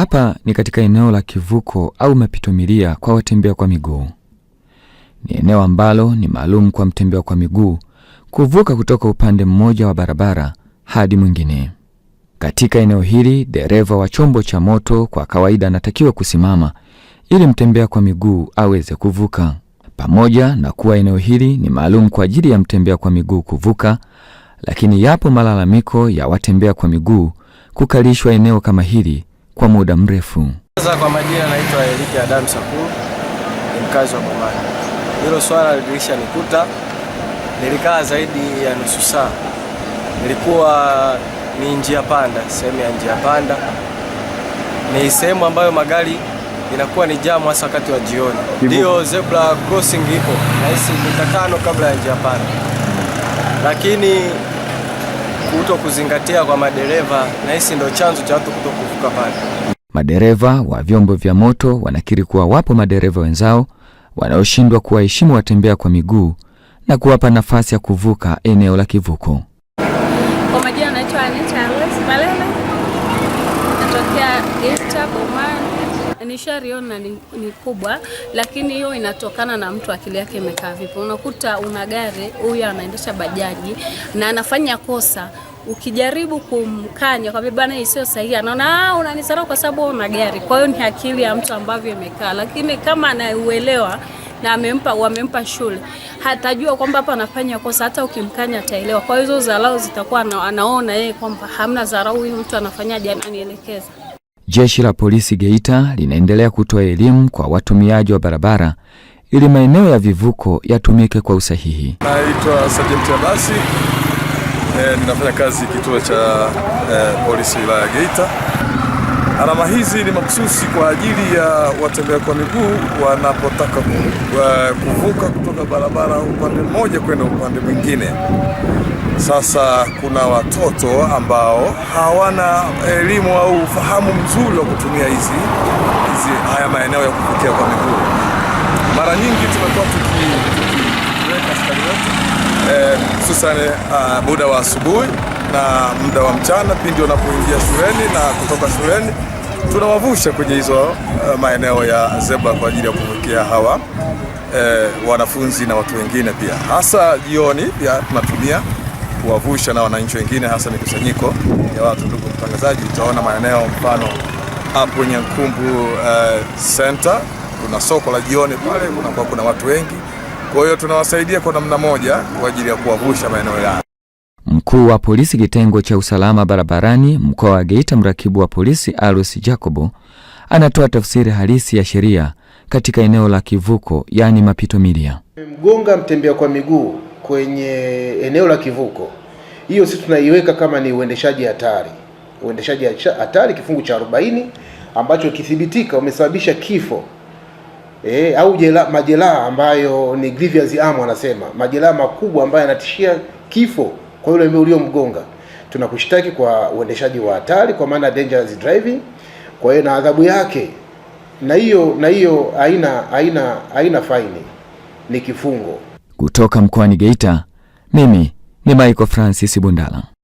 Hapa ni katika eneo la kivuko au mapito milia kwa watembea kwa miguu. Ni eneo ambalo ni maalum kwa mtembea kwa miguu kuvuka kutoka upande mmoja wa barabara hadi mwingine. Katika eneo hili, dereva wa chombo cha moto kwa kawaida anatakiwa kusimama ili mtembea kwa miguu aweze kuvuka. Pamoja na kuwa eneo hili ni maalum kwa ajili ya mtembea kwa miguu kuvuka, lakini yapo malalamiko ya watembea kwa miguu kukalishwa eneo kama hili kwa muda mrefu. Kwa majina naitwa Eliki Adam Sakuru, ni mkazi wa Bomani. Hilo swala lilisha nikuta, nilikaa zaidi ya nusu saa. Nilikuwa ni njia panda, sehemu ya njia panda ni sehemu ambayo magari inakuwa ni jamu hasa wakati wa jioni, ndio zebra crossing ipo nahisi mita tano kabla ya njia panda, lakini kuto kuzingatia kwa madereva, na hisi ndo chanzo cha watu kuto kuvuka pale. Madereva wa vyombo vya moto wanakiri kuwa wapo madereva wenzao wanaoshindwa kuwaheshimu watembea kwa miguu na kuwapa nafasi ya kuvuka eneo la kivuko. Kwa majina anaitwa Anita Alois Malele, natokea Geita Bomani. Nishariona ni, ni kubwa, lakini hiyo inatokana na mtu akili yake imekaa vipi. Unakuta una gari, huyu anaendesha bajaji na anafanya kosa ukijaribu kumkanya kwa bwana, hii sio sahihi, anaona ah, unanisarau kwa sababu una gari. Kwa hiyo ni akili ya mtu ambavyo imekaa, lakini kama anauelewa na amempa wamempa shule, hatajua kwamba hapa anafanya kosa. Hata ukimkanya ataelewa. Kwa hiyo hizo dharau zitakuwa anaona yeye kwamba hamna zarau, huyu mtu anafanyaje, ananielekeza. Jeshi la Polisi Geita linaendelea kutoa elimu kwa watumiaji wa barabara ili maeneo ya vivuko yatumike kwa usahihi. Naitwa Sergeant Abasi. E, ninafanya kazi kituo cha e, polisi wilaya Geita. Alama hizi ni mahususi kwa ajili ya watembea kwa miguu wanapotaka eh, kuvuka kutoka barabara upande mmoja kwenda upande mwingine. Sasa kuna watoto ambao hawana elimu au ufahamu mzuri wa kutumia hizi hizi haya maeneo ya kuvukia kwa miguu. hususan uh, muda wa asubuhi na muda wa mchana pindi wanapoingia shuleni na kutoka shuleni, tunawavusha kwenye hizo uh, maeneo ya zebra kwa ajili ya kuvukia hawa uh, wanafunzi na watu wengine pia, hasa jioni pia tunatumia kuwavusha na wananchi wengine, hasa mikusanyiko ya watu. Ndugu mtangazaji, utaona maeneo mfano hapo Nyankumbu uh, center kuna soko la jioni pale, kunakuwa kuna watu wengi kwa hiyo tunawasaidia kwa namna moja kwa ajili ya kuwavusha maeneo yao. Mkuu wa polisi kitengo cha usalama barabarani mkoa wa Geita, mrakibu wa polisi Alus Jacobo anatoa tafsiri halisi ya sheria katika eneo la kivuko, yaani mapito milia. Mgonga mtembea kwa miguu kwenye eneo la kivuko, hiyo sisi tunaiweka kama ni uendeshaji hatari. Uendeshaji hatari kifungu cha 40 ambacho kithibitika umesababisha kifo e, au majeraha ambayo ni grievous harm, anasema majeraha makubwa ambayo yanatishia kifo kwa yule uliyomgonga, tunakushtaki kwa uendeshaji wa hatari, kwa maana dangerous driving. Kwa hiyo na adhabu yake na hiyo na hiyo haina haina haina faini, ni kifungo. Kutoka mkoani Geita, mimi ni Michael Francis Bundala.